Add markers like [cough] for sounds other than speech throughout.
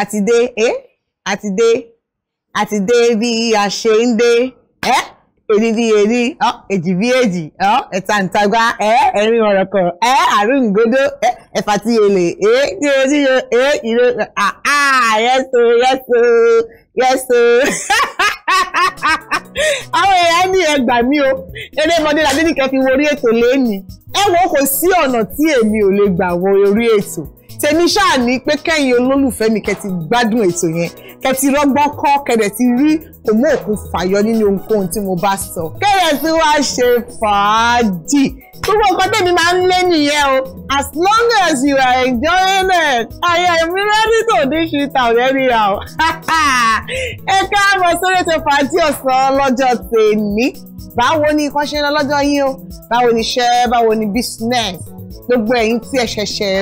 àti dé ẹ eh? àti dé àti dé bí a ṣe ń dé ẹ eh? èrí bí èrí ọ oh, èjì bí èjì ọ oh, ẹ̀ta ǹtagbá ẹ eh? ẹ̀rin ọ̀rọ̀kọ̀ ẹ àrùngodo ẹ ẹ̀fà tí èlè ẹ tí o ti yọ ẹ ìró àá yẹ́sọ yẹ́sọ yẹ́sọ àwọn èèyàn ní ẹgbà mí o erémọdé làdé nìkan fi wo orí ètò lẹ́ẹ̀ni ẹ wo kò sí ọ̀nà tí èmi ò lè gbà wo orí ètò tèmi ṣáà ní pé kẹ́yìn olólùfẹ́ mi kẹ́ gbádùn ètò yẹn kẹ́ ti kọ́ kẹ́dẹ̀ ti rí kòmó òkun fàyọ nínú ohunkóhun tí mo bá sọ kẹ́yẹ̀ tí wàá ṣe fàájì gbogbo nǹkan tèmi máa ń lé nìyẹn o as long as you are enjoying it I am ready to dish it out anyhow [laughs] ẹ káàbọ̀ sórí ètò fàájì ọ̀sán lọ́jọ́ tèmi báwo ni ìkọ́ṣẹ́ lọ́jọ́ yín o báwo ni iṣẹ́ báwo ni business gbogbo ẹ̀yin tí ẹ ṣẹ̀ṣẹ̀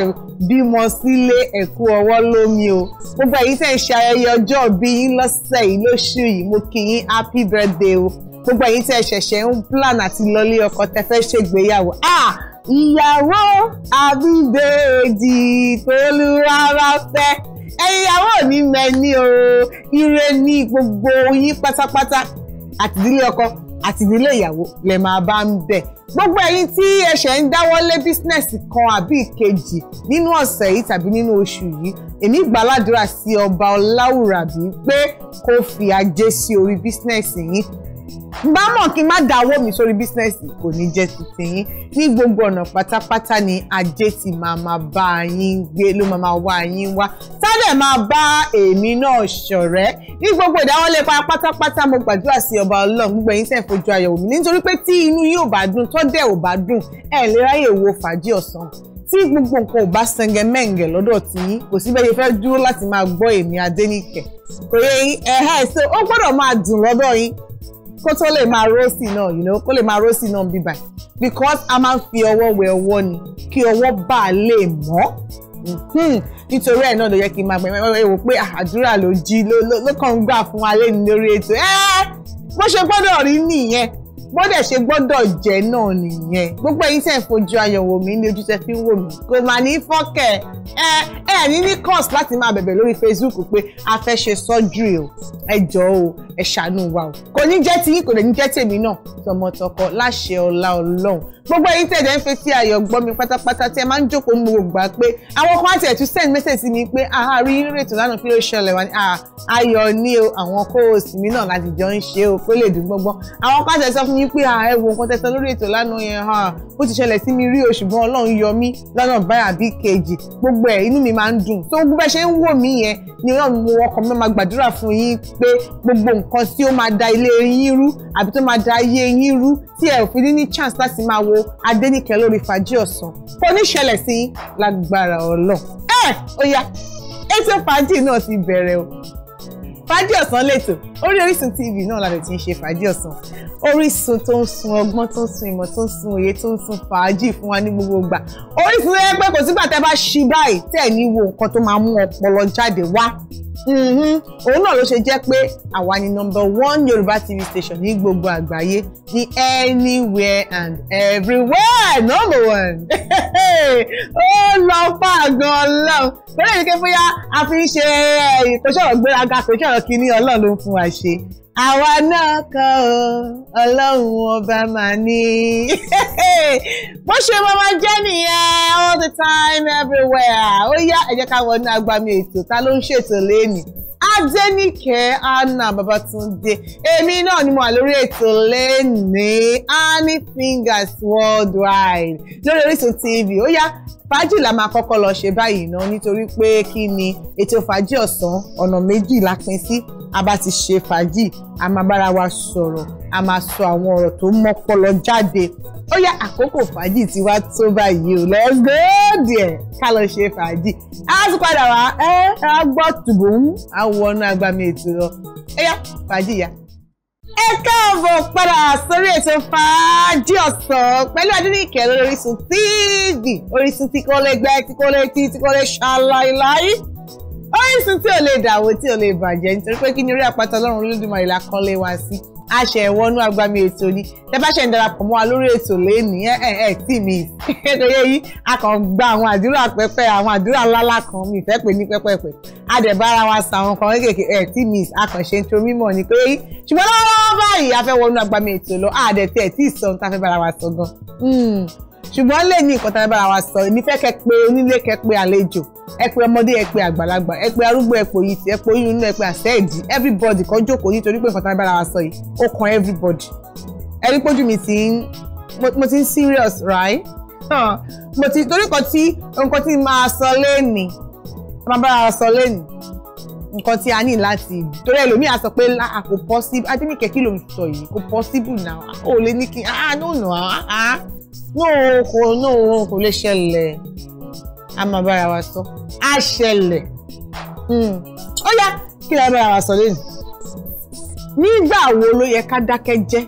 bímọ sílé ẹ kú ọwọ́ lómi o gbogbo ẹ̀yin tẹ̀ ń ṣe ayẹyẹ ọjọ́ ìbí yín lọ́sẹ̀ yìí lóṣù yìí mo kì í happy birthday o gbogbo ẹ̀yin tẹ̀ ṣẹ̀ṣẹ̀ ń plan àti lọlé ọkọ tẹ fẹ́ ṣègbéyàwó ah ìyàwó àbíbèèdì tolúwárá fẹ́ ẹ̀yàwó ní mẹ́ni o ire ní gbogbo yín pátápátá àtìdílé ọkọ àti ìdílé ìyàwó lè máa bá ń bẹ̀. gbogbo ẹ̀yin tí ẹ ṣẹ̀ ń dáwọ́lé bísínẹ́sì kan àbí ìkejì nínú ọ̀sẹ̀ yìí tàbí nínú oṣù yìí èmi gbàládùra sí ọba ọláwùrà pé kó fi ajé sí orí bísínẹ́sì yín bá mọ̀ kí n má dáwọ́ mi sórí bísínẹ́sì kò ní jẹ́ tuntun yín ní gbogbo ọ̀nà pátápátá ni ajé ti máa máa bá yín gbé ló máa máa wá yín wá sálẹ̀ máa bá èmi náà ṣọ̀rẹ́ ní gbogbo ìdáwọ́lé pa pátápátá mo gbàdúrà sí ọba ọlọ́run gbogbo ẹ̀yin tẹ̀ fojú ayọ̀wò mi nítorí pé tí inú yín ò bá dùn tó dẹ̀ ò bá dùn ẹ̀ lè ráyè wo fàájì ọ̀sán tí gbogbo nǹkan ò bá sẹ́ngẹ̀ mẹ́ǹgẹ̀ lọ́dọ̀ tí yín kò sí bẹ́ẹ̀ fẹ́ dúró láti máa gbọ́ èmi Adéníkẹ̀ kò yẹ yín ẹ̀hẹ́ ṣe ó gbọ́dọ̀ máa dùn lọ́dọ̀ yín kó tó lè máa rósì náà you know kó lè máa rósì náà bíbà because a máa ń fi ọwọ́ wẹ ọwọ́ ni kí ọwọ́ bá a lè mọ́ hmm. nítorí ẹ̀ náà ló yẹ kí n máa gbẹ̀mọ́ ẹ wò pé ah, àdúrà ló jí ló kàn ń gbà fún wa lẹ́nu lórí ètò ẹ bó ṣe gbọ́dọ̀ rí nìyẹn bọ́dẹ̀ ṣe gbọ́dọ̀ jẹ́ náà nìyẹn gbogbo ẹ̀yin tẹ̀ ń fojú ayọ̀ wò mí ní ojú tẹ fi ń wò mí kò mà ní fọ́kẹ̀ ẹ ẹ ní ní cost láti máa bẹ̀bẹ̀ lórí Facebook pé a fẹ́ ṣe surgery o ẹ jọ̀ọ́ o ẹ ṣàánú wa o kò ní jẹ́ tiyín kò lè ní jẹ́ tèmi náà tọmọtọkọ láṣẹ ọlá Ọlọ́run gbogbo ẹ̀yin tẹ̀ dẹ̀ ń fetí ayọ̀ gbọ́ mi pátápátá tí ẹ máa ń jókòó mú gbà pé àwọn kan àti ẹ̀tún send message sí mi pé aha rí rètò lánàá kí ló ṣẹlẹ̀ wá ní ayọ̀ ní o àwọn kóòsì mi náà láti jọ ń ṣe o kó lè dùn gbọ́ngbọ́n àwọn kan àti ẹ̀ sọ fún mi yín pé ah, ẹ wo nǹkan tẹ̀sán lórí ètò lánàá yẹn ó ti ṣẹlẹ̀ sí mi rí o ṣùgbọ́n ọlọ́run yọ mí lọ́nà báyà bí kejì gbogbo ẹ̀ inú mi máa ń dùn tó gbogbo ẹ ṣe ń wò mí yẹn ni ọlọ́run mo ọkàn mi máa gbàdúrà fún yín pé gbogbo nǹkan tí ó máa da ilé yín rú àbí tó máa da ayé yín rú tí ẹ ò fi ní ní chance láti máa wo Adéníkẹ́ lórí fàájì ọ̀sán kò ní ṣẹlẹ̀ sí lágbára ọlọ́ ẹ ó yá ètò fàájì náà ti bẹ̀rẹ̀ o fàájì ọ̀sán lẹ́tọ̀ọ́ orí Orísun TV náà la lè ti ń ṣe fàájì ọ̀sán Orísun tó ń sun ọgbọ́n tó ń sun ìmọ̀ tó ń sun òye tó ń sun fàájì fún wa ní gbogbo ìgbà Orísun tó yẹ pé kò sígbà tẹ́ bá ṣí báyìí tẹ́ ní wo nǹkan tó máa mú ọpọlọ jáde wá òun náà ló ṣe jẹ́ pé àwa ni number one Yorùbá TV station ní gbogbo àgbáyé ní anywhere and everywhere number one [laughs] ó lọ fàgàn ọlọ́run bẹ́ẹ̀ ni kí fúyà a fi ń ṣe ìkọ́ṣọ́rọ̀ gbéraga kò ṣọ̀rọ̀ kínní ọlọ́run ló ń fún wa máa ṣe àwa náà kan o ọlọ́run ọba máa ní. [laughs] bó ṣe máa máa jẹ́ nìyẹn all the time everywhere ó yá ẹ jẹ́ ká wọnú agbami ètò ta ló ń ṣètò lénìí. Adéníkẹ́ Anna Babatunde èmi náà ni mo wà lórí ètò lẹ́ni honey fingers worldwide lórí Orísun TV ó yá fàájì la máa kọ́kọ́ lọ ṣe báyìí náà nítorí pé kí ni ètò fàájì ọ̀sán ọ̀nà méjì la pín sí a bá ti ṣe fàájì a máa bára wa sọ̀rọ̀ a máa sọ àwọn ọ̀rọ̀ tó mọ́pọlọ jáde ó yá àkókò fàájì tí wàá tó báyìí o let's go there ká lọ ṣe fàájì á tún padà wá ẹ á gbọ́ tùbùn á wọnú agbami ètò lọ ó yá fàájì yá ẹ káàbọ̀ padà sórí ètò fàájì ọ̀sán pẹ̀lú Adéníkẹ́ lórí Orísun TV Orísun tí kò lè gbẹ tí kò lè ṣàlàyé láyé. Orísun tí ò lè dàwó tí ò lè bàjẹ́ nítorí pé kí ni orí àpáta ọlọ́run olódùmarè la kọ́lé wa sí àṣẹ ìwọ́nú agbami ètò ni tẹ bá ṣe ń darapọ̀ mọ́ wa lórí ètò lẹ́ẹ̀ni ẹ ẹ ẹ tí mi kékeré [laughs] yìí a kàn gba àwọn àdúrà pẹ́pẹ́ àwọn àdúrà lálá kan mi ìfẹ́ pè ní pẹ́pẹ́pẹ́ a dẹ̀ bára wa sa àwọn kan kékeré ẹ tí mi a kàn ṣe ń tó mímọ̀ ní pé yìí ṣùgbọ́n lọ́wọ́ báyìí a fẹ́ wọnú agbami ètò lọ àdẹ̀ tẹ̀ tí ì sọ ohun tá a fẹ́ bára wa sọ gan hmm ṣùgbọ́n lè ní ìkọ́ta ẹ bára wa sọ èmi fẹ́ kẹ́ pé onílé kẹ́ pé àlejò ẹ pé ọmọdé ẹ pé àgbàlagbà ẹ pé arúgbó ẹ pé òyìn ẹ pé oyún inú ẹ pé àṣẹ ìdí everybody kan jókòó nítorí pé ìkọ́ta ẹ bára wa sọ yìí ó kan everybody ẹ rí pójú mi ti ń mo ti ń serious right mo ti torí kan tí nǹkan tí máa sọ lẹ́nìí máa bára wa sọ lẹ́nìí nǹkan tí a ní láti torí ẹlòmíì á sọ pé a ah, ah, kò possible adéníkẹ́ kí ló ń sọ yìí kò possible now ó lè ní kí ah no no ah ah, ah náà kò náà kò lè ṣẹlẹ̀ a máa bára wa sọ á ṣẹlẹ̀ hmm. ó yá kí la bára wa sọ lẹ́nu nígbà wo ló yẹ ká dákẹ́ jẹ́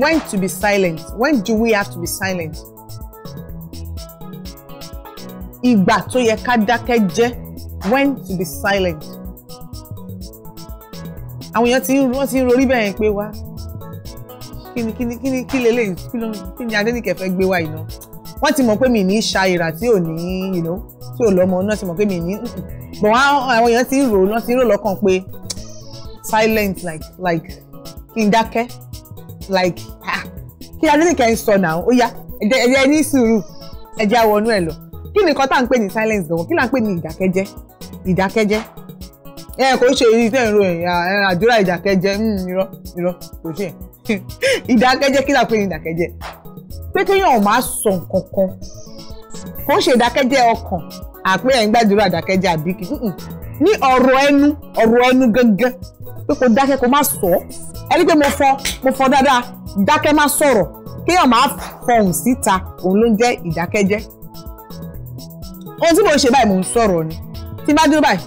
when to be silent when do we have to be silent ìgbà tó yẹ ká dákẹ́ jẹ́ when to be silent àwọn èèyàn ti ń rorí bẹ́ẹ̀ pé wá kíni kíni kíni kí leléyìí kí ló kí ni Adénìkẹ́ fẹ́ gbé wá iná wọ́n ti mọ̀ pé mi ní ṣayira tí ò ní ìlú tí ò lọ́mọ náà ti mọ̀ pé mi ní bọ̀ wọ́n àwọn èèyàn ti ń rò náà ti ń rò lọ́kàn pé silent like like kí n dákẹ́ like ah kí Adénìkẹ́ ń sọ náà ó yá ẹ̀jẹ̀ ní sùúrù ẹ̀jẹ̀ àwọnú ẹ̀ lọ kí ni nǹkan ń pè ní silence gan-an kí là ń pè ní ìdákẹ́jẹ́ ìdákẹ́jẹ́ ẹ kò ṣe èyí tẹ̀ ń ro àdúrà ìdákẹ́jẹ́ mm, irọ́ irọ́ kò ṣe [laughs] ìdákẹ́jẹ́ kí lápẹ́ ní ìdákẹ́jẹ́ pé kéèyàn máa sọ nǹkan kan kò ń ṣe ìdákẹ́jẹ́ ọkàn àpé ẹ̀ ń gbàdúrà ìdákẹ́jẹ́ àbí kí ní ọ̀rọ̀ ẹnu ọ̀rọ̀ ẹnu gangan pé kò dákẹ́ kò má sọ ẹni pé mo fọ mo fọ dáadáa dákẹ́ má sọ̀rọ̀ kéèyàn máa fọhùn síta òun ló ń jẹ́ ìdákẹ́jẹ́ ohun tí mo ṣe báyìí mò ń sọ̀rọ̀ ni tí bá dúró báyìí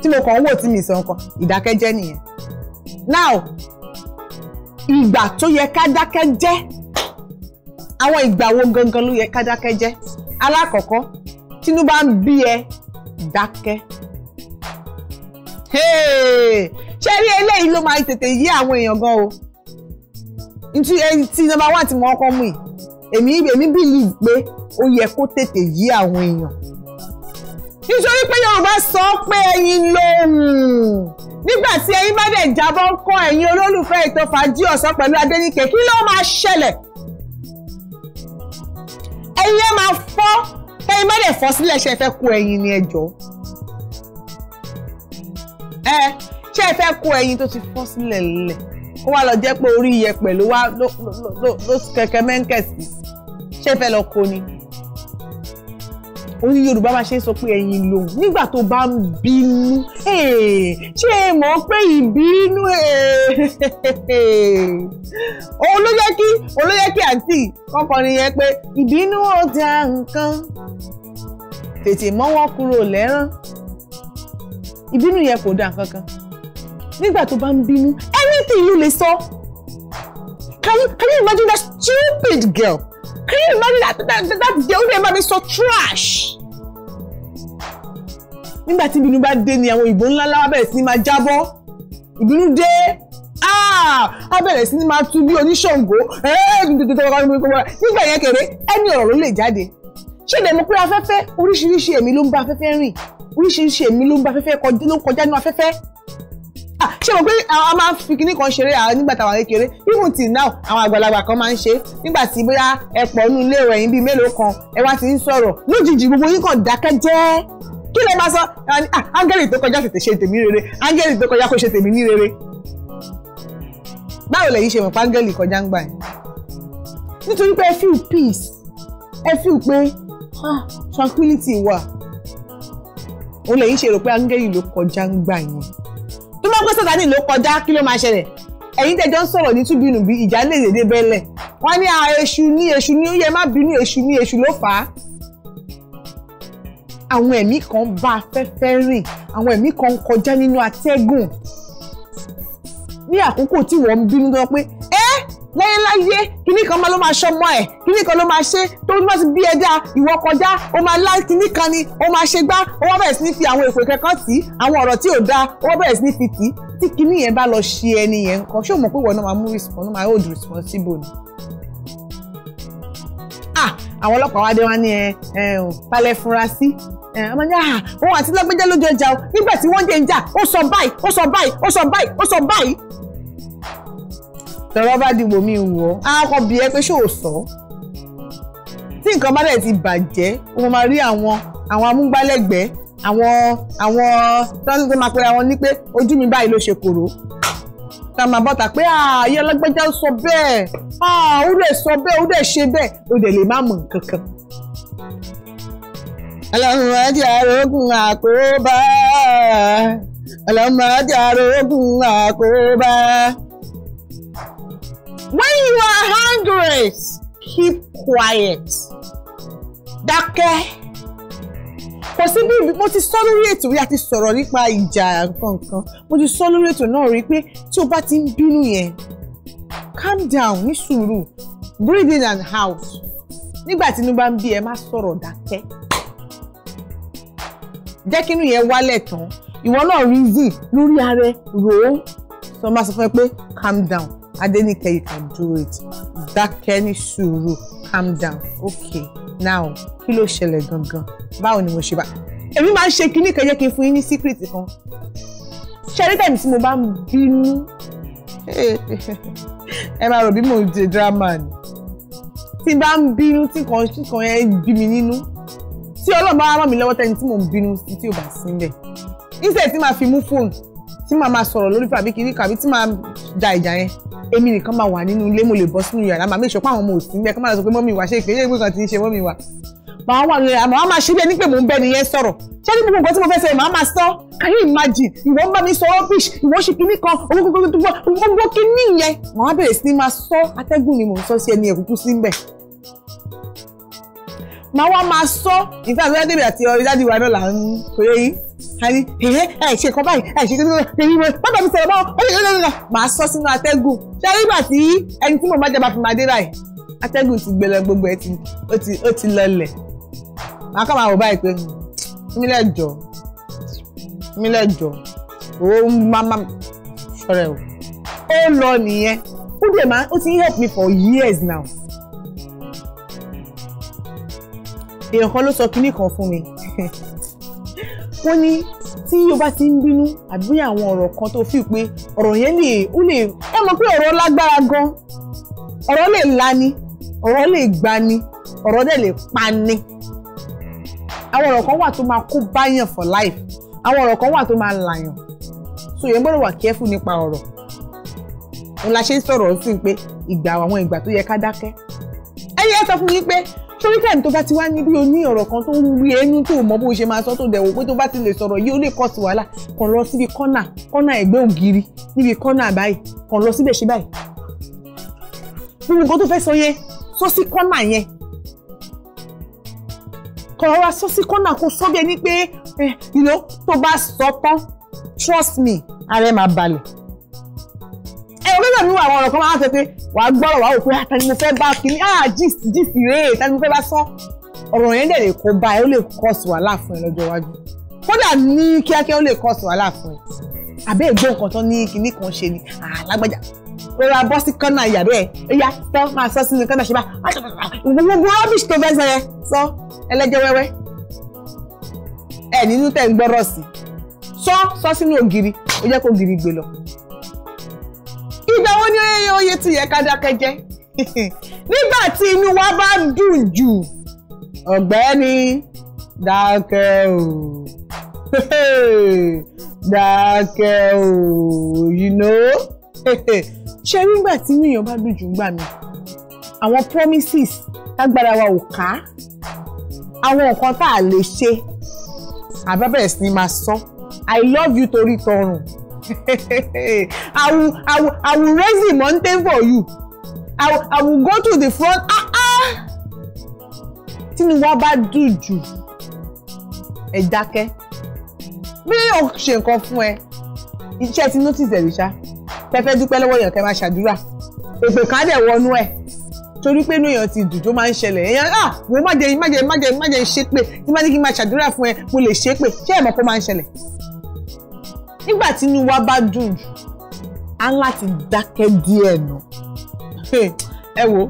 tí mo kàn ń wò tí mi sọ nǹkan ìdákẹ́jẹ́ nìyẹn now ìgbà tó yẹ ká dákẹ́ jẹ́ àwọn ìgbà wo gangan ló yẹ ká dákẹ́ jẹ́ alákọ̀ọ́kọ́ tínú bá bí ẹ dákẹ́ ṣé rí eléyìí ló máa tètè yí àwọn èèyàn gan o ti number one tí mo kọ́ mú yìí èmi èmi believe pé ó yẹ kó tètè yí àwọn èèyàn nítorí pé Yorùbá sọ pé ẹyin lóhùn nígbà tí ẹyin bá dẹ̀ jábọ́ ń kọ́ ẹ̀yin olólùfẹ́ ètò fàájì ọ̀sán pẹ̀lú Adéníkè kí ló máa ṣẹlẹ̀ ẹyin ẹ máa fọ́ ẹyin bá dẹ̀ fọ́ sílẹ̀ ṣe fẹ́ kó ẹyin ni ẹjọ́ ẹ ṣe fẹ́ kó ẹyin tó ti fọ́ sílẹ̀ lẹ̀ ó wá lọ jẹ́ pé orí iyẹ̀pẹ̀ ló wá ló kẹ̀kẹ́ mẹ́ńkẹ̀ ṣe fẹ́ lọ kó ni òun ni yorùbá bá ṣe ń sọ pé ẹ̀yin lòun nígbà tó bá ń bínú eh, ṣé ẹ mọ̀ pé ìbínú eh, [laughs] òun ló yẹ kí òun ló yẹ kí àǹtí kọkànrin yẹn pé ìbínú ó nǹkan tètè mọ́ kúrò lẹ́rán ìbínú yẹn kò dáa kankan nígbà tó bá ń bínú anything you lè sọ can you can you imagine that stupid girl. Clean money, imagine that that that, that day only ever be so trash. nígbà tí ìbínú bá dé ni àwọn ìbò ńlá ńlá wá bẹ̀rẹ̀ sí ni máa jábọ́ ìbínú dé á ah! bẹ̀rẹ̀ sí ni máa tú bí oníṣàngó eh! nígbà yẹn kéré ẹni ọ̀rọ̀ ló lè jáde ṣé ìdẹ̀nu pé afẹ́fẹ́ oríṣiríṣi ẹ̀mí ló ń bá afẹ́fẹ́ rìn oríṣiríṣi ẹ̀mí ló ń bá afẹ́fẹ́ kọjá ní afẹ́fẹ́ Ah, ṣé mo pé a máa ń fi kinní kan ṣeré àwọn nígbà táwọn kékeré even till now àwọn àgbàlagbà kan máa ń ṣe nígbà tí bóyá ẹ pọ̀ nínú ilé ẹ̀yìn bíi mélòó kan ẹ wá ti ń sọ̀rọ̀ lójijì gbogbo yín kàn dákẹ́ jẹ́ kí lè máa sọ ah, áńgẹ́lì tó kọjá tètè ṣe tèmi rere áńgẹ́lì tó kọjá kó ṣe tèmi ní rere báwo lẹ̀yin ṣe mọ̀ pé áńgẹ́lì kọjá ń gbà yín nítorí pé ẹ feel peace ẹ feel pé ah, tranquility wà òun lẹ̀yin ṣe rò pé áńgẹ́lì ló kọjá ń gbà yín tó bá pẹ́ sátani ló kọjá kí ló máa ṣẹlẹ̀ ẹ̀yin tẹ̀jọ́ ń sọ̀rọ̀ ní túbínú bí ìjà lè dédé bẹ́lẹ̀ wọ́n ní èṣù ní èṣù ní ó yẹ má bínú èṣù ní èṣù ló fà á. àwọn ẹ̀mí kan bá afẹ́fẹ́ rìn àwọn ẹ̀mí kan kọjá nínú atẹ́gùn ní àkókò tí wọ́n ń bínú tó pé láyéláyé kíní kan máa ló máa ṣọmọ ẹ kíní kan ló máa ṣe tó bá ti bí ẹja ìwọ kọjá ó máa lá kíní kan ni ó máa ṣe gbá ó wá bẹ̀rẹ̀ sí ní fi àwọn èpè kankan tì í àwọn ọ̀rọ̀ tí ò dáa ó wá bẹ̀rẹ̀ sí ní fi tì í tí kíní yẹn bá lọ ṣe ẹni yẹn nǹkan ṣé o mọ̀ pé ìwọ náà máa mú response máa hold responsible ni. ah àwọn ọlọ́pàá wá dé wá ní ẹ ẹ ò palẹ̀ fura sí ọmọ ní àhà òun àti lágbẹ́jẹ́ lójú o nígbà tí wọ́n dé ń jà ó sọ báyìí ó sọ báyìí ó sọ báyìí ó sọ báyìí lọ́rọ̀ bá dìbò mi wù ọ́ á kọ́ bí ẹ pé ṣé ò sọ tí nǹkan bá dẹ̀ ti bàjẹ́ o máa rí àwọn àwọn amúgbálẹ́gbẹ̀ẹ́ àwọn àwọn tọ́lá tó máa pera wọn ní pé ojú mi báyìí ló ṣe kòrò ká máa bọ́ta pé ààyè ọlọ́gbẹ́jọ́ sọ bẹ́ẹ̀ ó dẹ̀ sọ bẹ́ẹ̀ ó dẹ̀ ṣe bẹ́ẹ̀ ó dẹ̀ lè má mọ̀ nǹkan kan. ọlọ́run máa jẹ́ àrógùn àkóbá ọlọ́run máa jẹ́ àkóbá. When you are hungry, keep quiet. Dákẹ́. Kò sí bí mo ti sọ lórí ètò rí àti sọ̀rọ̀ nípa ìjà nǹkan mo ti sọ lórí ètò náà rí pé tí o bá ti ń bínú yẹn calm down ní sùúrù breathe in and out nígbà tí inú bá ń bí ẹ má sọ̀rọ̀ dákẹ́ jẹ́ kí inú yẹn wálẹ̀ tán ìwọ náà reason lórí ara ẹ rò ó sọ ma sọ fún ẹ pé calm down Adenike, you can do it. Dákẹ́ ní sùúrù, calm down. Okay, now kí ló ṣẹlẹ̀ gangan? Báwo ni moshiba. ṣe bá? Èmi máa ń ṣe kinní kan jẹ́ kí n fún yín ní secret kan. Ṣẹ́rí tẹ̀mí tí mo bá ń bínú. [laughs] Ẹ máa rò mo ń drama ni. Tí n bá ń bínú tí kan tí kan yẹn bí mi nínú. Tí Ọlọ́run bá ràn mí lọ́wọ́ tẹ́ni tí mò ń bínú sí tí ò bá sí níbẹ̀. Instead tí màá fi mú fóònù tí màá máa sọ̀rọ̀ lórí fàbí kiri kàbí tí màá da ìjà yẹn èmi nìkan máa wà nínú ilé mo lè bọ́ sínú yàrá màá méṣọ́ pé àwọn ọmọ ò sí mẹ́ẹ̀kan máa sọ pé mọ́mì wá ṣe ìpínlẹ̀ ìgbésàn ti ń ṣe mọ́mì wá. màá wà lórí àmọ́ wọ́n máa ṣe bí ẹni pé mò ń bẹ́ nìyẹn sọ̀rọ̀ ṣé ní gbogbo nǹkan tí mo fẹ́ sọ yìí màá máa sọ can you imagine ìwọ ń bá mi sọ rubbish ìwọ ṣe kinní kan gbogbo kinní yẹn màá bẹ̀rẹ̀ sí ni máa sọ atẹ́gùn ni mò ń sọ sí ẹni ẹ̀kúkú sí ń bẹ̀ màá wá máa sọ ìfẹ́ àti ọ̀rẹ́dẹ̀bẹ̀ àti ọ̀rẹ́dẹ̀bẹ̀ wa náà là ń pè é yìí àní ẹ̀yẹ́ àìṣe kan báyìí àìṣe kan báyìí èyí wọn bàbá mi sọ̀rọ̀ báwọn ọ̀rẹ́ ìrọ̀lẹ́ náà màá sọ sínú atẹ́gùn ṣé nígbà tí ẹni tí mo bá jẹba fi máa dé báyìí atẹ́gùn ti gbẹlẹ gbogbo ẹ̀ ti ó ti lọlẹ̀ màá kọ́ máa wò báyìí pé mílẹ̀ hmm, jọ mílẹ̀ jọ owó máma ṣọrẹ o ó lọ nìyẹn ó dẹ̀ máa ó ti help me for years now èèyàn kan ló sọ kinní kan fún mi. [laughs] wọ́n ní tí o bá ti ń bínú àbí àwọn ọ̀rọ̀ kan tó fi pé ọ̀rọ̀ yẹn lè ó lè ẹ mọ̀ pé ọ̀rọ̀ lágbára gan ọ̀rọ̀ lè lani ọ̀rọ̀ lè gbani ọ̀rọ̀ dẹ̀ lè pani àwọn ọ̀rọ̀ kan wà tó máa kó báyàn for life àwọn ọ̀rọ̀ kan wà tó máa làyàn so yẹn gbọ́dọ̀ wà careful nípa ọ̀rọ̀ òun la ṣe ń sọ̀rọ̀ sí pé ìgbà àwọn ìgbà tó yẹ ká dákẹ́ ẹ̀yin ẹ sọ fún yín pé torí táìmù tó bá ti wá níbi oní ọ̀rọ̀ kan tó ń wí ẹnu tó mọ bó ṣe máa sọ tó dẹ̀wò pé tó bá ti lè sọ̀rọ̀ yìí ó lè kọ́sì wàhálà kàn lọ síbi kọ́nà kọ́nà ẹ̀gbẹ́ ògiri níbi kọ́nà báyìí kàn lọ síbẹ̀ ṣe báyìí. gbogbo nǹkan tó fẹ́ sọ yẹn sọ sí kọ́nà yẹn kàn rọra sọ sí kọ́nà kó sọ bí ẹni pé eh, tó bá sọ tán trust me ara ẹ̀ máa balẹ̀ olóògbé mi wà àwọn ọ̀rọ̀ kan máa ń sọ pé wà á gbọ́rọ̀ wà á wò pé àtàní ah, mo fẹ́ bá kíní ah gist gist rèé tàní mo fẹ́ bá sọ ọ̀rọ̀ yẹn dẹ̀ lè kó bá ẹ ó lè cause wàhálà fún ẹ lọ́jọ́ iwájú kódà ní kíákíá ó lè cause wàhálà fún ẹ àbẹ́ ìgbó nǹkan tán ní kinní kan ṣe ni alágbájá rọra bọ́ sí kánà ìyàbẹ́ ẹ̀ ẹ̀yà sọ máa sọ sínú kánà ṣe bá gbogbo rubbish tó fẹ́ sọ yẹn sọ ẹlẹ́jẹ̀ wẹ́wẹ́ ẹ̀ nínú tẹ̀ ń gbọ́rọ̀ sí sọ sọ sínú ògiri ó jẹ́ kó ògiri gbé lọ ó ní oyè tí yẹ ká dákẹ́ jẹ́ [laughs] nígbà tí inú wa bá dùn jù ọ̀gbẹ́ni dákẹ́ o [laughs] dákẹ́ o you know [laughs] ṣe nígbà tí inú èèyàn bá dùn jù gbà mí àwọn promises tágbára wa ò ká àwọn nǹkan tá a lè ṣe àbá bẹ̀rẹ̀ sí ni máa sọ i love you torí tọrùn I will, I will, I will raise the mountain for you. I will, I will go to the front. Ah, ah. Tínú wa bá E dake. ẹ dákẹ́. Bí o ṣe nǹkan fún ẹ, iṣẹ́ ti notice ẹ̀rí ṣá. Fẹ́fẹ́ dúpẹ́ lọ́wọ́ èèyàn kẹ́ máa ṣàdúrà. Èpè kan dẹ̀ wọnú ẹ̀. Torí pé inú èèyàn ti dùn tó máa ń ṣẹlẹ̀. Èèyàn à ah, wò má jẹ má jẹ má jẹ má jẹ ṣépè. Tí bá ní kí n máa ṣàdúrà mo lè ṣépè. Ṣé ẹ̀mọ́ kó máa ń ṣẹlẹ̀? nígbà tí inú wa bá dùn jù á láti dákẹ́ díẹ̀ nù ẹ wo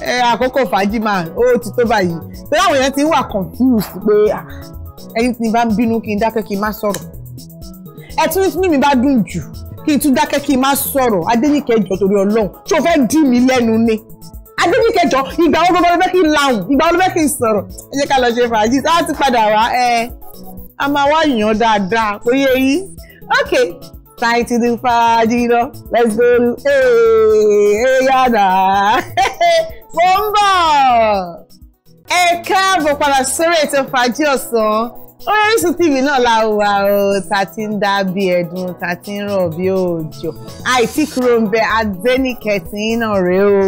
ẹ àkókò fàájì máa ó ti tó báyìí pé àwọn èèyàn ti ń wà confused pé ẹ̀yin tí n bá ń bínú kí n dákẹ́ kí n má sọ̀rọ̀ ẹ tún ní mi bá dùn jù kí n tún dákẹ́ kí n má sọ̀rọ̀ Adéníkẹ́ torí Ọlọ́run ṣé o fẹ́ dì mí lẹ́nu ni Adéníkẹ́ jọ ìgbà wo gbogbo ló fẹ́ kí n lahùn ìgbà wo ló fẹ́ kí n sọ̀rọ̀ ẹ jẹ́ ká lọ ṣe fàájì tá a ti padà wá ẹ a máa wá yàn dáadáa kó yẹ Okay. Time to do fàájì lọ. Let's go. to yàrá. [laughs] Mo Yada bọ̀. Ẹ káàbọ̀ padà sórí ètò fàájì ọ̀sán. Orísun TV náà la wà o, ta ti ń dá bí ẹ̀dùn, ta ti ń rọ̀ bí òjò. Àìsí kúrò ń bẹ Adẹ́nìkẹ́ tí náà rèé o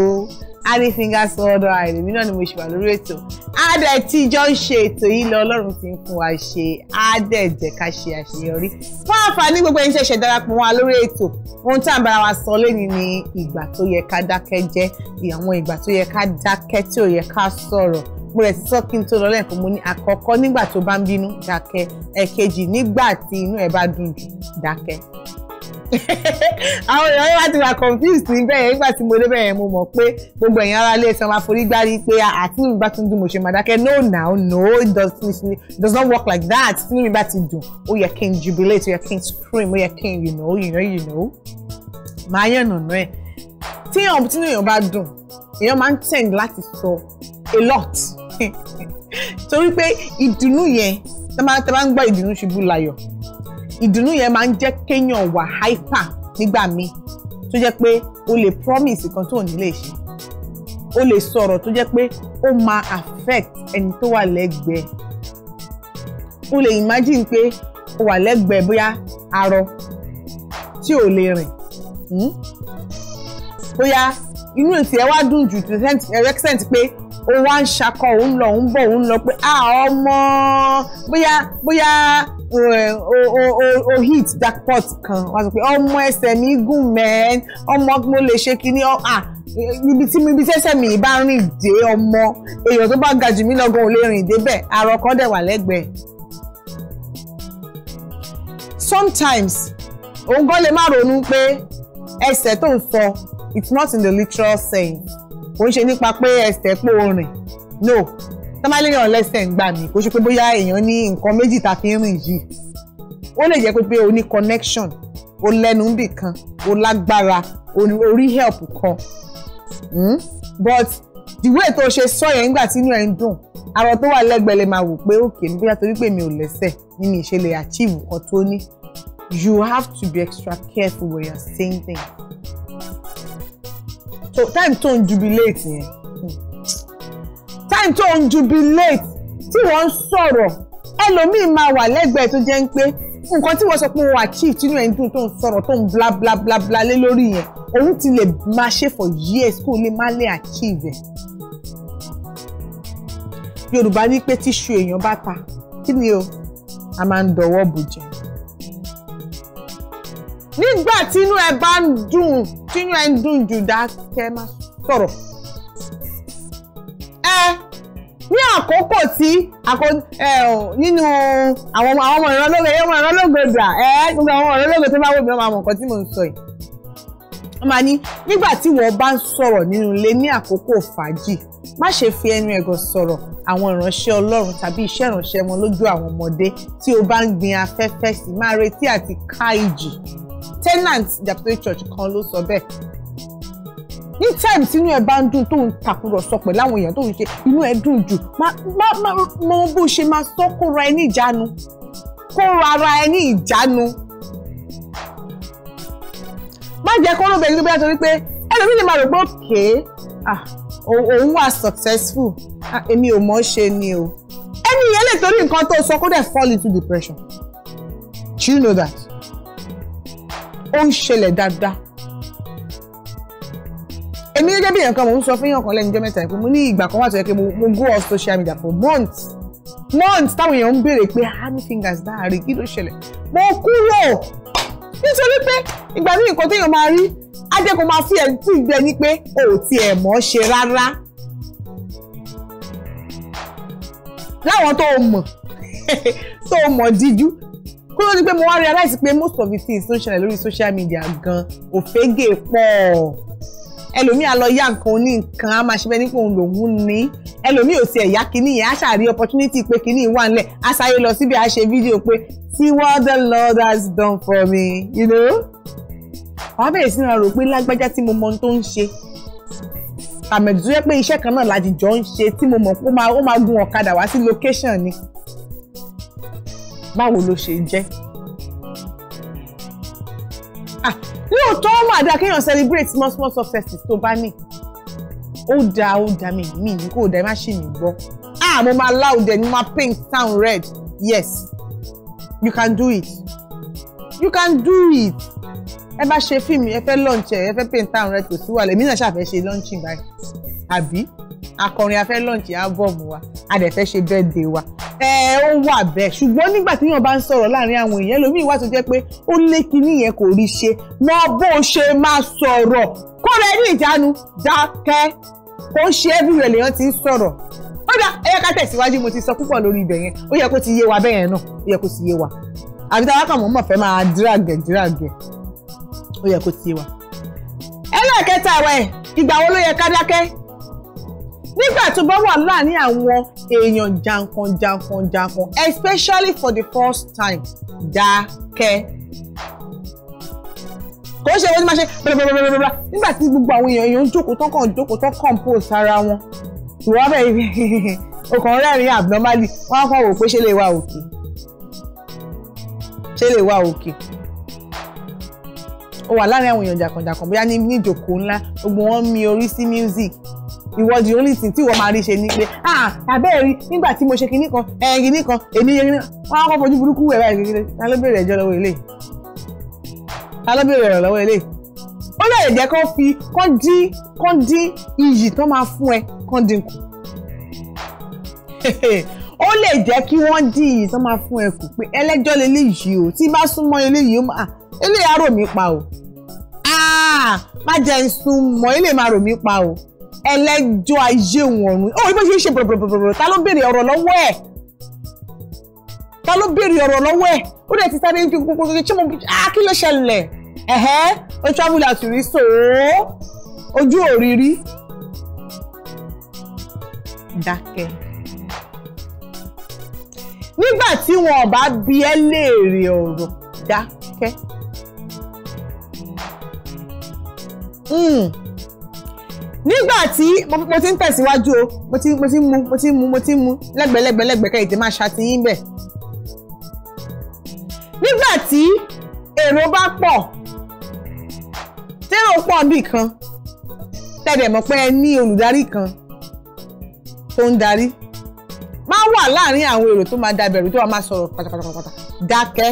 adé fingers ọ̀dọ̀ àìlè mí náà ni mo ṣì wà lórí ètò adé tíjọ́ ń ṣe ètò yìí lọ ọlọ́run ti ń fún wa ṣe adé jẹ́ ká ṣe àṣeyọrí fún àǹfààní gbogbo ẹni ṣẹ̀ṣẹ̀ darapọ̀ wá lórí ètò ohun tí à ń bára wa sọ lẹ́ni ni ìgbà tó yẹ ká dákẹ́ jẹ́ àwọn ìgbà tó yẹ ká dákẹ́ tí ò yẹ ká sọ̀rọ̀ mo rẹ̀ sọ kí n tó lọ lẹ́ẹ̀kan mo ní àkọ́kọ́ nígbà tó bá ń bínú dákẹ́ ẹ̀kejì nígbà tí inú ẹ̀ bá dùn jù dákẹ́ àwọn èèyàn wá ti wà confused níbẹ̀ yẹn nígbà tí mo débẹ̀ yẹn mo mọ̀ pé gbogbo ẹ̀yin ara lè san máa forí gbárí pé àti ah, ah, mi bá tún dùn mo ṣe máa dákẹ́ no now no it does, it does not work like that tí mi bá ti dùn ó yẹ kí n jubilate ó yẹ kí n scream ó yẹ kí n you know you know you know máa yàn nànà ẹ̀ tí èèyàn tí èèyàn bá dùn èèyàn máa ń tend láti sọ a lot [laughs] torí pé ìdùnnú yẹn tá máa ń gbọ́ ìdùnnú ṣubú layọ̀ ìdùnnú yẹn máa ń jẹ́ kéèyàn wà hyper nígbà míì tó jẹ́ pé o lè promise kan tó ní lè ṣe o lè sọ̀rọ̀ tó jẹ́ pé ó máa affect ẹni tó wà lẹ́gbẹ̀ẹ́ o lè imagine pé o wà lẹ́gbẹ̀ẹ́ bóyá arọ tí ò lè rìn hmm? bóyá inú ètò ẹ wá dùn jù to the extent pé ó wá ń ṣakọ òun lọ òun bọ̀ òun lọ pé a ah, ọmọ bóyá bóyá Eh, o hit jackpot kan wọ́n sọ pé ọmọ ẹsẹ̀ mi gùn mẹ́ẹ́n ọmọ mo lè ṣe kínní ibi tí ibi tẹ́sẹ̀ mi bá rìn dé ọmọ èèyàn tó bá ga jù mí lọ́gàn ò lè rìn débẹ̀ arọ kan dẹ̀ wà lẹ́gbẹ̀ẹ́. sometimes òun gan lè má ronú pé ẹsẹ̀ tó ń sọ it's not in the literal sense kò ń ṣe nípa pé ẹsẹ̀ pò no tọ́málẹ́ yàn lẹ́sẹ̀ ń gbà mí kó ṣe pé bóyá èèyàn ní nǹkan méjì tá a fi ń rìn yìí ó lè jẹ́ pé pé o ní connection o lẹ́nu bì kan o lágbára o rí help kan mm? but the way tó ṣe sọ yẹn nígbà tí inú ẹ̀ ń dùn àwọn tó wà lẹ́gbẹ̀ẹ́ lè máa wò pé òkè mi bóyá torí pé mi ò lẹ́sẹ̀ ni mi achieve nǹkan tó ní you have to be extra careful when you are saying things so time tó ń jubilate yẹn. Yeah time tó ń jubilate tí wọ́n ń sọ̀rọ̀ ẹlòmíì máa wà lẹ́gbẹ̀ẹ́ tó jẹ́ ń pé nǹkan tí wọ́n sọ pé wọ́n achieve tínú ẹ̀ ń dùn tó ń sọ̀rọ̀ tó ń bla bla bla bla lé lórí yẹn òun ti lè máa ṣe for years kó lè má lè achieve ẹ̀. Yorùbá ní pé tíṣu èèyàn bá ta kí ni o a máa ń dọwọ́ bò jẹ. nígbà tínú ẹ bá ń dùn tínú ẹ ń dùn jù dákẹ́ má sọ̀rọ̀ ní àkókò tí nínú àwọn ọmọ ìrànlọ́gbẹ̀ ẹ̀yọ́ ọmọ ìrànlọ́gbẹ̀ bra ẹ̀ gbogbo àwọn ọmọ ìrànlọ́gbẹ̀ tó bá wò mí ọmọ àmọ̀ nǹkan tí mò ń sọ yìí wọ́n máa ní nígbà tí wọ́n bá ń sọ̀rọ̀ nínú ilé ní àkókò fàájì má ṣe fi ẹnu ẹ̀gàn sọ̀rọ̀ àwọn ìránṣẹ́ ọlọ́run tàbí iṣẹ́ ìránṣẹ́ wọn lójú àwọn ọmọdé tí o bá ń gbin afẹ́fẹ́ sí máa retí àti ká ìjì Tenant Dapò Church kan ló sọ bẹ́ẹ̀ ní time tí inú ẹ bá ń dùn tó ń takùrọ̀sọ pẹ̀lú àwọn èèyàn tó ń ṣe inú ẹ dùn jù mọ bó ṣe máa sọ kó ra ẹ ní ìjánu kó ra ara ẹ ní ìjánu má jẹ́ kó ló bẹ̀rẹ̀ nígbà torí pé ẹlòmíì lè máa rò pé òkè ah, òun wà successful ah, èmi ò mọ̀ ṣe ni o ẹni yẹn lè torí nǹkan tó sọ kó dẹ̀ fall into depression do you know that ó ń ṣẹlẹ̀ dáadáa èmi gẹ́gẹ́ bí nǹkan mò ń sọ fún yàn kan lẹ́nu jẹ́ mẹ́ta ìpè mo ní ìgbà kan wà tó yẹ pé mo go off social media for months months táwọn èèyàn ń béèrè pé how ah, fingers dáàrí kí ló ṣẹlẹ̀ mo kúrò nítorí pé ìgbà míì nǹkan téèyàn máa rí ajẹ́ kó máa fi ẹni tí ìgbẹ́ ní pé o ò tiẹ̀ mọ̀ ṣe rárá láwọn tó o mọ̀ [laughs] tó o mọ̀ díjú kúrò ní pé mo wá realize pé most of the things tó ń ṣẹlẹ̀ lórí social media gan òfégè pọ̀ ẹlòmíì lọ yá nǹkan ní á máa ṣe bẹ́ẹ̀ nípa òun ní ẹlòmíì ò tiẹ̀ yá kinní yẹn á ṣàrí opportunity pé kinní wà nílẹ̀ á sáré lọ síbi á fídíò pé see what the Lord has done for me you know. wàá bẹ̀rẹ̀ sí náà rò pé lágbájá tí mo mọ ohun tó ń ṣe tàmẹ̀dù tó yẹ pé iṣẹ́ kan náà láti jọ ń ṣe tí mo mọ̀ pé ó máa gun ọ̀kadà wá sí location ni báwo ló ṣe jẹ́ lóòótọ́ mà dáa kéèyàn celebrate small small successes tó bá ní ó dáa ó dáa mi mi ní kó o dáa má ṣì mí gbọ́ ah mo máa láòdẹ ni mo máa paint town red yes you can do it you can do it ẹ bá ṣe fíìmù ẹ fẹ́ launch ẹ ẹ fẹ́ paint town red kò sí wàhálà èmi náà ṣàfẹ́ ṣe launching báyìí àbí akọrin afẹ́ lọ́ọ̀nchì ábọ̀mù wa a dẹ̀ fẹ́ ṣe birthday wa ẹ ó wà bẹ́ẹ̀ ṣùgbọ́n nígbà tí yàn bá ń sọ̀rọ̀ láàrin àwọn èèyàn lómìn wà tó jẹ́ pé ó lé kinní yẹn kò rí ṣe mọ bó ṣe máa sọ̀rọ̀ kó rẹ ní ìjánu dákẹ́ kó ṣe everywhere lèèyàn ti ń sọ̀rọ̀ kódà ẹ yẹ ká tẹ̀síwájú mo ti sọ púpọ̀ lórí ibẹ̀ yẹn ó yẹ kó ti yé wa bẹ́ẹ̀ yẹn náà ó yẹ kó ti yé wa àbí táwa kàn mọ́ mọ̀ fẹ́ máa díràgẹ̀ díràgẹ̀ ó yẹ kó ti yé wa. ẹlẹ́ẹ̀kẹta rẹ̀ ìgbà wo ló yẹ ká dákẹ́ nígbà tó bá wà láàárín àwọn èèyàn jàǹkàn jàǹkàn jàǹkàn especially for the first time dákẹ́ kò ṣe wọ́n ti máa ṣe blablabla nígbà tí gbogbo àwọn èèyàn yẹn ń jókòó tán kàn jókòó tán compose ara wọn ìwọ́n bẹ̀rẹ̀ ọkàn rẹ́rìn abnormally wọ́n á kàn wò pé ṣé lè wà òkè ṣé lè wà òkè ó wà láàárín àwọn èèyàn jàǹkàn jàǹkàn bóyá ní ìjókòó ńlá gbogbo wọn mi orí sí music ìwọ di only thing tí ìwọ máa rí ṣe ni pé ah àbẹ́ẹ̀rí nígbà tí mo ṣe kinní kan ẹ̀yìn kinní kan èmi yẹn kinní wọn á kọ́ fojú burúkú ẹ̀ báyìí kékeré ta ló béèrè ẹjọ́ lọ́wọ́ ilé ta ló béèrè ọ̀rọ̀ lọ́wọ́ ilé ó lè jẹ́ kó fi kó dín kó dín iyì tó máa fún ẹ kó dín kù ó lè jẹ́ kí wọ́n dín iyì tó máa fún ẹ kù pé ẹlẹ́jọ́ leléyìí o tí bá súnmọ́ eléyìí ó máa eléyàá rò mí pa o ah, má jẹ́ ń sún mọ́ ilé máa rò mí pa o ẹlẹ́jọ́ ayé òun ọ̀run ó rí bó ṣe ń ṣe bọ̀rọ̀bọ̀rọ̀ ta ló béèrè ọ̀rọ̀ lọ́wọ́ ẹ̀ ta ló béèrè ọ̀rọ̀ lọ́wọ́ ẹ̀ ó dẹ̀ ti sáré gbogbo ṣé mo á ah, kí ló ṣẹlẹ̀ ẹ̀hẹ́ ó travel as you rí sòó ojú òrírí dákẹ́ nígbà tí wọn ò bá bi ẹ́ léèrè ọ̀rọ̀ dákẹ́. Hmm nígbà tí mo ti ń tẹ̀síwájú o mo ti mo ti mu mo ti mu mo ti mu lẹ́gbẹ̀lẹ́gbẹ̀ lẹ́gbẹ̀ẹ́ kẹ́yìn tí máa ṣàtìyín bẹ̀. nígbà tí èrò bá pọ̀ tẹ́rọ pọ̀ bì kan tẹ̀dẹ̀ mọ̀ pé ẹ ní olùdarí kan tó ń darí máa wà láàárín àwọn èrò tó máa da bẹ̀rù tó wà máa sọ̀rọ̀ pátápátápátá dákẹ́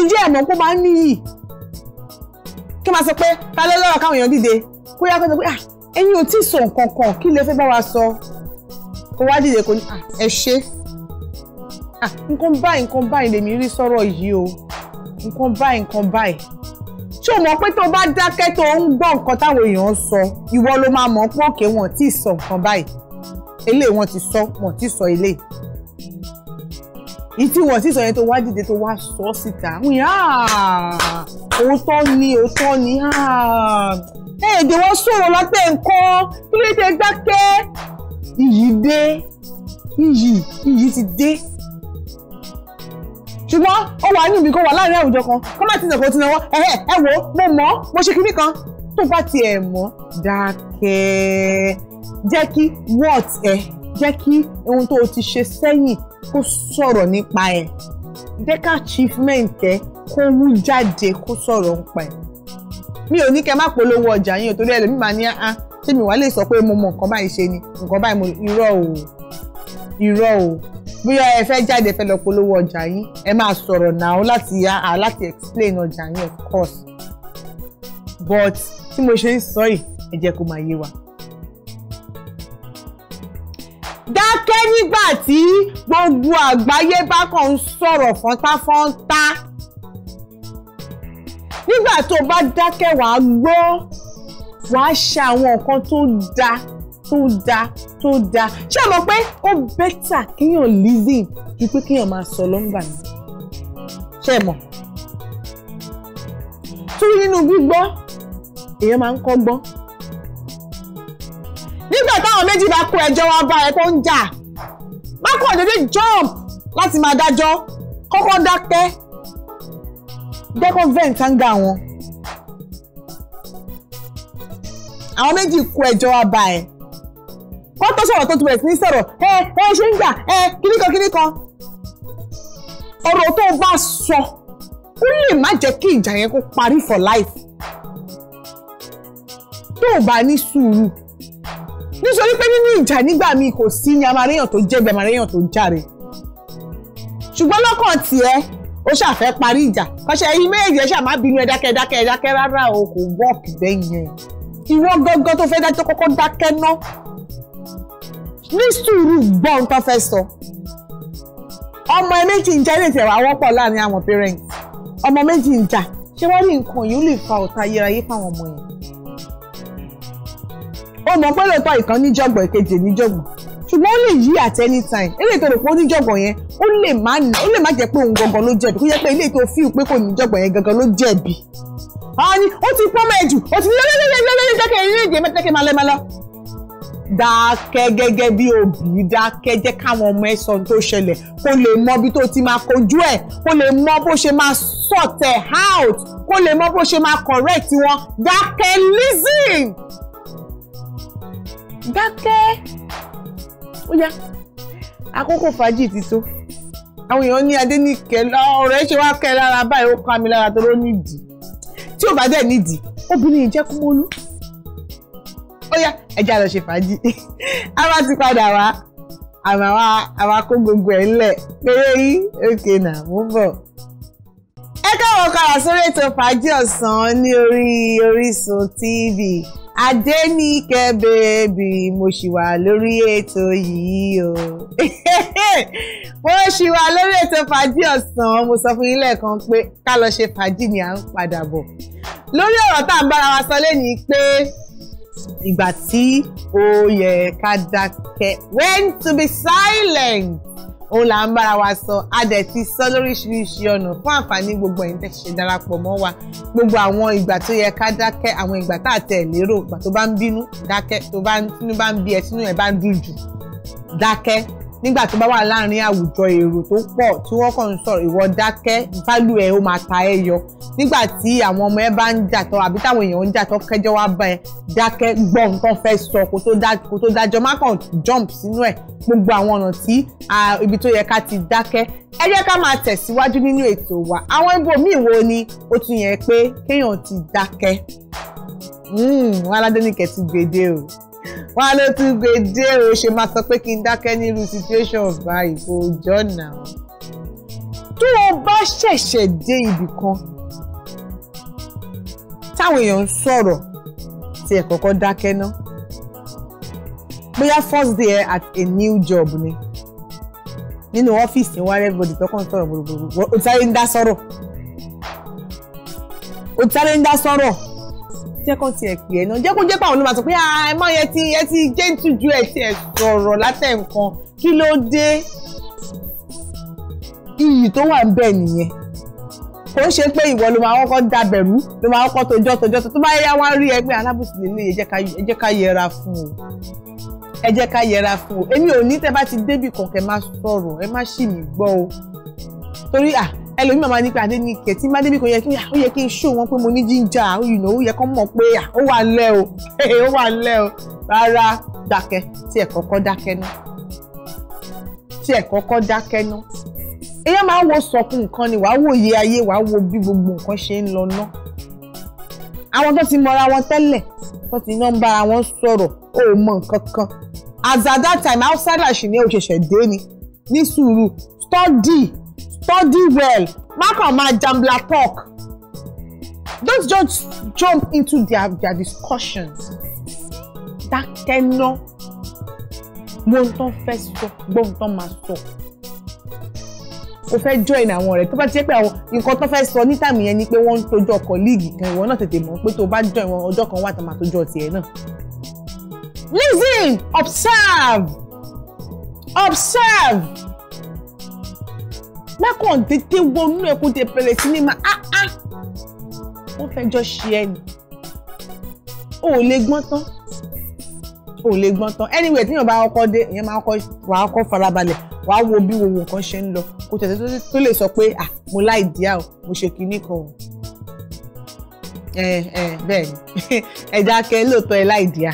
ǹjẹ́ ẹ mọ̀ kó máa ń níyì kí máa sọ pé ta ló lọ́rọ̀ káwọn èèyàn dìde kó yá kó sọ pé ah ẹ̀yin ò tí ì sọ nǹkan kan kí lè fẹ́ bá wa sọ kó wá dìde kò ní ah, ẹ ṣe ah, nǹkan báyìí nǹkan báyìí lèmi rí sọ̀rọ̀ yìí o nǹkan báyìí nǹkan báyìí ṣé o mọ̀ pé tó bá dákẹ́ tó ń gbọ́ nǹkan táwọn èèyàn ń sọ ìwọ ló máa mọ̀ pé òkè wọn tí ì sọ nǹkan báyìí eléyìí wọn ti sọ wọn ti sọ eléyìí ìtí wọn ti sọ yẹn tó wá dìde tó wá sọ síta ah, òótọ́ ni òótọ́ ni èdè wọn sọ̀rọ̀ lápẹ́ nǹkan kí ló dé dákẹ́. iyì dé iyì iyì ti dé. ṣùgbọ́n ó wà nínú mi kó wà láàrin àwùjọ kan kó má ti nàkó ti nàwọ́ ẹ ẹ wò ó mo mọ̀ mo ṣe kinní kan tó bá tiẹ̀ mọ̀ dákẹ́ jẹ́ kí what ẹ jẹ́ kí ohun tó o ti ṣe sẹ́yìn kó sọ̀rọ̀ nípa ẹ̀ jẹ́ ká achievement ẹ kó wú jáde kó sọ̀rọ̀ nípa ẹ̀ mi ò ní kẹ́ má polówó ọjà yín o torí ẹlòmíì máa ní á ah, ṣé mi wàá lè sọ pé mo mọ nǹkan báyìí ṣe ni nǹkan báyìí mo irọ́ o irọ́ o bóyá ẹ fẹ́ jáde fẹ́ lọ polówó ọjà yín ẹ máa sọ̀rọ̀ náà láti yá ah, ah, láti explain ọjà yín of course but tí mo ṣe ń sọ yìí ẹ jẹ́ máa yé wa. dákẹ́ nígbà tí gbogbo àgbáyé bá kàn ń sọ̀rọ̀ fọ́ntáfọ́ntá nígbà tó bá dákẹ́ wàá gbọ́ wàá ṣe àwọn nǹkan tó dáa tó dáa tó dáa ṣé o mọ̀ pé ó bẹ́tà kéèyàn listen ju pé kéèyàn máa sọ lọ́ngbà ni ṣé mọ̀ torí nínú gbígbọ́ èèyàn máa ń kọ́ gbọ́n nígbà táwọn méjì bá kó ẹjọ́ wá bá ẹ tó ń jà má kàn dédé jump láti máa dájọ́ kọ́kọ́ dákẹ́ jẹ́ kó vent tanga wọn. àwọn méjì kó ẹjọ́ wa bá ẹ kó tó sọ̀rọ̀ tó ti bẹ̀rẹ̀ sí ní sọ̀rọ̀ ẹ ẹ ṣe ń gbà ẹ kíníkan kíníkan ọ̀rọ̀ tó bá sọ ó lè má jẹ́ kí ìjà yẹn kó parí for life tó o bá ní sùúrù nítorí pé nínú ìjà nígbà míì kò sí ni amaréyàn tó jẹ̀bi amaréyàn tó jàre ṣùgbọ́n lọ́kàn tiẹ̀ ó ṣàfẹ́ parí ìjà kọ́ṣẹ́ ẹ̀yin méjì ẹ̀ ṣàmá bínú ẹ dákẹ́ dákẹ́ ẹ dákẹ́ rárá o kò wọ́ọ̀kì bẹ́yẹn ìwọ gángan tó fẹ́ dájọ́ kọ́kọ́ dákẹ́ ná ní sùúrù gbọ́ ohun tó fẹ́ sọ ọmọ ẹ méjì ń jà ilé ìtẹ̀wá wọ́pọ̀ láàrin àwọn parents ọmọ méjì ń jà ṣé wọ́n ní nǹkan yìí ó lè fa ọ̀tá ayérayé fáwọn ọmọ yẹn ó mọ̀ pé lóòótọ́ ìkan níjọ̀gbọ̀n ìkejì níjọ̀gbọ̀n ṣùgbọ́n ó lè yí at any time eléyìí tó rò pé ó ní jọ̀gbọ̀n yẹn ó lè má ó lè má jẹ́ pé òun gangan ló jẹ̀bi kó jẹ́ pé eléyìí tó fíìl pé kò ní jọ̀gbọ̀n yẹn gangan ló jẹ̀bi. àwọn ni ó ti pọ́n mẹ́jù ó ti lọ́lọ́lọ́lọ́lọ́ jẹ́kẹ́ eléyìí mẹ́tẹ́kẹ́ máa lẹ́ máa lọ. dákẹ́ gẹ́gẹ́ bí òbí dákẹ́ jẹ́ káwọn ọmọ ẹ sọ tó ṣẹlẹ̀ kó lè mọ bí tó ti máa kojú ẹ̀ kó lè mọ bó ṣe máa sort ẹ̀ out kó lè mọ bó ṣe máa correct wọn dákẹ́ listen dákẹ́ ó yá àkókò fàájì ti tó àwọn èèyàn ní adé ní kẹ ọ̀rọ̀ ẹ ṣe wá kẹ lára báyìí ó ká mi lára tó ló nídìí tí ò bá dẹ̀ nídìí obìnrin ìjẹ́ kú mọ́lú ó yá ẹja lọ ṣe fàájì [laughs] a bá ti padà wá àmọ́ àwa kó gbogbo ẹ̀ ńlẹ̀ péré yìí òkè nà mú bọ̀ ẹ káwọn kára sórí ètò fàájì ọ̀sán ní orí Orísun TV Adéníkẹ́ bèbí mo ṣì wà lórí ètò yìí o [laughs] mo ṣì wà lórí ètò fàájì ọ̀sán mo sọ fún yín lẹ́ẹ̀kan pé ká lọ ṣe fàájì ni à ń padà bọ̀ lórí ọ̀rọ̀ tá à bára wa sọ lẹ́yìn pé ìgbà tí ó yẹ ká dákẹ́ when to be silent òun là ń bára wa sọ a dẹ̀ ti sọ lóríṣiríṣi ọ̀nà fún àǹfààní gbogbo ẹ̀yin tẹ́ ṣe darapọ̀ mọ́ wa gbogbo àwọn ìgbà tó yẹ ká dákẹ́ àwọn ìgbà tá à tẹ̀ lérò ìgbà tó bá ń bínú dákẹ́ tó bá ń bínú bá ń bí ẹ sínú ẹ bá ń dùn jù dákẹ́ nígbà tó bá wà láàrin àwùjọ èrò tó pọ̀ tí wọ́n kàn ń sọ̀rọ̀ ìwọ dákẹ́ bálù ẹ̀ ó máa ta ẹ yọ nígbà tí àwọn ọmọ ẹ bá ń jàtọ̀ àbí táwọn èèyàn ń jàtọ̀ kẹjọ́ wá bá ẹ dákẹ́ gbọ́ nǹkan fẹ́ sọ kó tó dájọ́ má kàn jump sínú ẹ̀ gbogbo àwọn ọ̀nà tí ibi tó yẹ ká ti dákẹ́ ẹ jẹ́ ká máa tẹ̀síwájú nínú ètò wa àwọn ibòmíì wo ni ó tún yẹ pé kéèyàn ti dákẹ́ wọn hmm, aládé ní kẹ́ gbèdé o wọn ló tún gbé dé o ṣe máa sọ pé kí n dákẹ́ nílùú situation báyìí kò jọ̀nà. tó o bá ṣẹ̀ṣẹ̀ dé ibì kan táwọn èèyàn ń sọ̀rọ̀ tí ẹ̀ kọ́kọ́ dákẹ́ ná bóyá first day at a new job ni nínú ọ́fíìsì wa everybody tó kàn sọ̀rọ̀ gbogbogbò o sáré ń dá sọ̀rọ̀ o sáré ń dá sọ̀rọ̀ jẹ́ kó tiẹ̀ pè é náà jẹ́ kó jẹ́ pé àwọn ló máa sọ pé ah, ẹ má yẹ ti ẹ ti jẹ́ ìtújú ẹ ti ẹ̀ sọ̀rọ̀ látẹ̀ nǹkan kí ló dé iyì tó wà ń bẹ̀ nìyẹn kò ń ṣe pé ìwọ ló máa kọ́kọ́ dàbẹ̀rú ló máa kọ́kọ́ tójọ́ tójọ́ tó bá yá wá rí ẹ pé alábùsùn nílé ẹ jẹ́ ká yẹra fún o ẹ jẹ́ ká yẹra fún o èmi ò ní tẹ́ bá ti débì kan kẹ́ sọ̀rọ̀ ẹ má ṣì mí gbọ́ o torí à ẹlòmí màmá ní pé Adéníkẹ́ tí mádébí kò yẹ kí ó yẹ kí n ṣó wọn pé mo ní jíjà ó yìí ó yẹ kó mọ̀ pé ó wà lẹ́ o [laughs] ó wà lẹ́ o rárá dákẹ́ tí ẹ̀ kọ́kọ́ dákẹ́ ná tí ẹ̀ kọ́kọ́ dákẹ́ ná èèyàn máa ń wo sọ̀kun nǹkan ni wàá wòye ayé wàá wo bí gbogbo nǹkan ṣe ń lọ ná àwọn tó ti mọra wọn tẹ́lẹ̀ tó ti ná ń bára wọn sọ̀rọ̀ ó mọ nǹkan kan as at that time outsider ṣì ní òṣèṣẹ̀ dé ni ní sùúrù study study well Mark kàn máa jambla talk don't just jump into their their discussions That ná gbóhùn tán first sọ gbóhùn tán máa sọ o fẹ́ join àwọn ọ̀rẹ́ tó bá ti jẹ́ pé àwọn nǹkan tó fẹ́ sọ ní tàmì yẹn ni pé wọ́n ń tójọ́ colleague kan ìwọ náà tètè mọ̀ pé tó bá join wọn ọjọ́ kan wà tó máa tójọ́ tiẹ̀ náà. listen observe observe má kàn dédé wọnú ẹ̀ kó dé bẹ̀rẹ̀ sí ah ah. á á jọ ṣe ẹ ni o ò lè gbọ́n tán o ò lè gbọ́n tán anyway tí èèyàn bá kọ́kọ́ dé èèyàn máa kọ́ wà á kọ́ farabalẹ̀ wà á wo bí wo nǹkan ṣe ń lọ kó tẹ̀sí tó lè sọ pé ah mo láì díà o mo ṣe kinní kan o bẹ́ẹ̀ ni [laughs] ẹ̀dá akẹ́ lóòótọ́ ẹ láì díà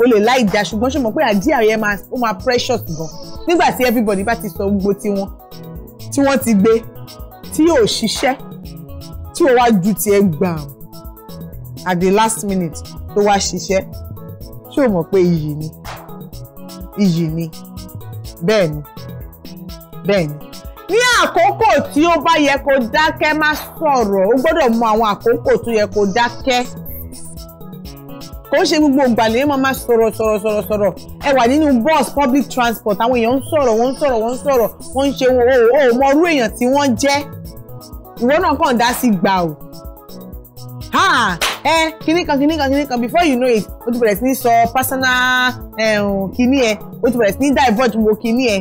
o lè láì díà ṣùgbọ́n ṣe mọ̀ pé àdíà yẹn ó máa precious gan nígbà tí everybody bá ti sọ gbogbo tiwọn tí wọ́n ti gbé tí yóò ṣiṣẹ́ tí ó wá ju tiẹ̀ gbàm at the last minute tó wá ṣiṣẹ́ ṣé o mọ̀ pé iyì ni iyì ni bẹ́ẹ̀ ni bẹ́ẹ̀ ni ní àkókò tí ó bá yẹ kó dákẹ́ má sọ̀rọ̀ o gbọ́dọ̀ mọ àwọn àkókò tó yẹ kó dákẹ́ kò ń ṣe gbogbo ìgbàlẹ̀ yẹn máa sọ̀rọ̀ sọ̀rọ̀ sọ̀rọ̀ sọ̀rọ̀ ẹ wà nínú bus public transport àwọn èèyàn ń sọ̀rọ̀ wọ́n ń sọ̀rọ̀ wọ́n ń sọ̀rọ̀ wọ́n ń ṣe wọn o ò mọ irú èèyàn tí wọ́n jẹ́ ìwọ náà kàn dá sí gbà o ha ẹ kíní kan kíní kan kíní kan before you know it o ti bẹ̀rẹ̀ sí ní sọ personal eh, kíní ẹ o ti bẹ̀rẹ̀ sí ní divulge gbogbo kíní ẹ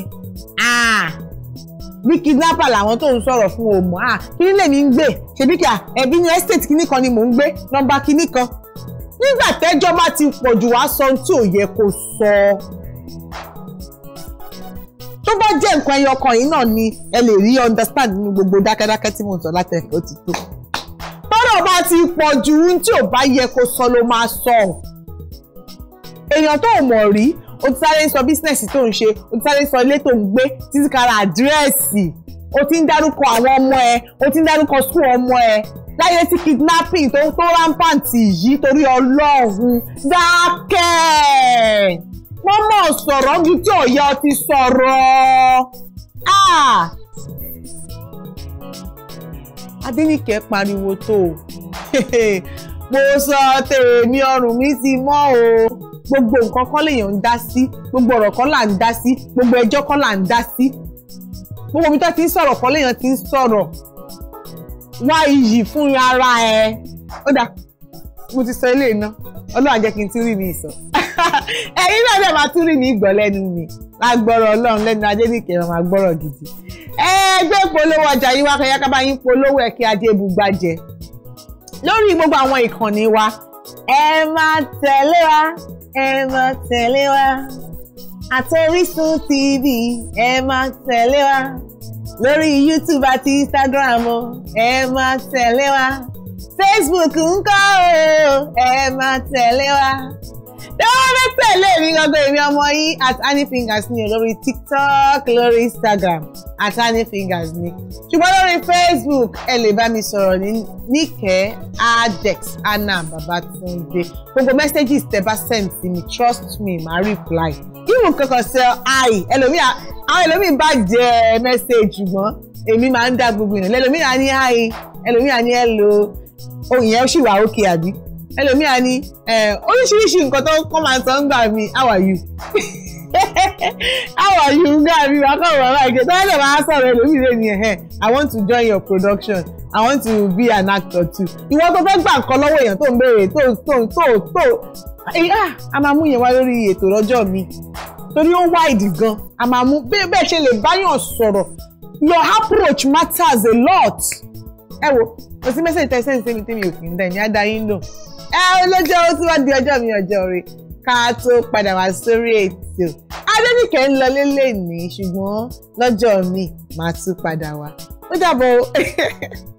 bí kidnapper làwọn tó ń sọ̀rọ̀ fún òmò à kíní lèmi ń gbé ṣebí kí à ẹbí ní estate kíní kan ni mò ń gbé nọ́mbà kíní kan nígbà tẹ́jọ́ bá ti pọ̀ jù wá sọ tí ò yẹ kó sọ tó bá jẹ́ nǹkan ẹyọ kan yìí náà ni ẹ lè rí understand nínú gbogbo dákẹ́dákẹ́ tí mo sọ látẹ̀kẹ́ ó ti tó tọ́rọ̀ bá ti pọ̀ jù ń tí ò bá yẹ kó sọ ló máa sọ èèyàn tó mọ̀ rí o ti sáré sọ bísínẹ̀sì tó ń ṣe o ti sáré sọ ilé tó ń gbé títí kára àdírẹ́ẹ̀sì o ti ń dárúkọ àwọn ọmọ ẹ o ti ń dárúkọ sùn ọmọ ẹ láyé sí kidnapping tó tó rampant yìí torí ọlọ́run dákẹ́ mo mọ̀ sọ̀rọ̀ ju tí òye ọtí sọ̀rọ̀ ah! Adéníkẹ́ pariwo tó [laughs] mo sọ tèmi ọrùn mi ti mọ́ o gbogbo nǹkan kọ́ lèèyàn ń dá sí gbogbo ọ̀rọ̀ kọ́ là ń dá sí gbogbo ẹjọ́ kọ́ là ń dá sí gbogbo omi tó ti ń sọ̀rọ̀ kọ́ lèèyàn ti ń sọ̀rọ̀ wá iyì fún ara ẹ ó dà mo ti sọ ilé iná ọlọ́run jẹ́ kí n tún rí mi sọ [laughs] ẹ̀yin náà dẹ̀ máa tún rí mi lẹ́nu mi lágbọ́rọ̀ ọlọ́run lẹ́nu adébíkẹ́ gbọ́rọ̀ gidi ẹ gbé yín wá ká bá lórí gbogbo àwọn ìkànnì wa ẹ máa tẹ̀lé wa. lórí YouTube àti Instagram o ẹ máa tẹ̀lé wa Facebook ńkọ́ o ẹ máa tẹ̀lé wa dáwọ́lé tẹ̀lé mi gangan èmi ọmọ yín at anyfingers ni lórí tiktok lórí instagram at anyfingers ni ṣùgbọ́n lórí facebook ẹ lè bá mi sọ̀rọ̀ ní níkẹ́ adex anna babatunde gbogbo messages tẹ bá send sí mi trust me ma reply even kankan sẹ ayi ẹlòmíà àwọn ẹlòmíì bá jẹ message ṣùgbọ́n èmi máa ń dá gbogbo ìrìn lẹ́lòmíà ní ayi ẹlòmíà ní hello ohun yẹn ṣì wà ókè àbí ẹlòmíà ni oríṣiríṣi nǹkan tó kọ́ máa sọ ń gbà mí how are you [laughs] how are you gbà mí wà kọ́ ọ̀rọ̀ ọ̀rọ̀ ìgbẹ́ tó wọ́n lè máa sọ̀rọ̀ ẹlòmíì lè ní I want to join your production I want to be an actor too ìwọ tó fẹ́ gbà nǹkan lọ́wọ́ èèyàn tó ń béèrè tó tó tó tó ah, a máa mú yẹn wá lórí ètò lọ́jọ́ mi torí ó wáìdì gan a máa mú bẹ́ẹ̀ ṣe lè báyàn sọ̀rọ̀ your approach matters a lot ẹ wo kò sí mẹ́sẹ̀jì tẹ́sán ìsẹ́mi tẹ́mi ò kì í dẹ̀ ní á dá yín lò ẹ olójó ó tún wá di ọjọ́ mi ọjọ́ rẹ̀ ká tó padà wá sórí ètò adẹ́nìkẹ́ ń lọ lélẹ̀ ní ṣùgbọ́n lọ́jọ́ mi màá tún padà wá ó dàbọ̀. [laughs]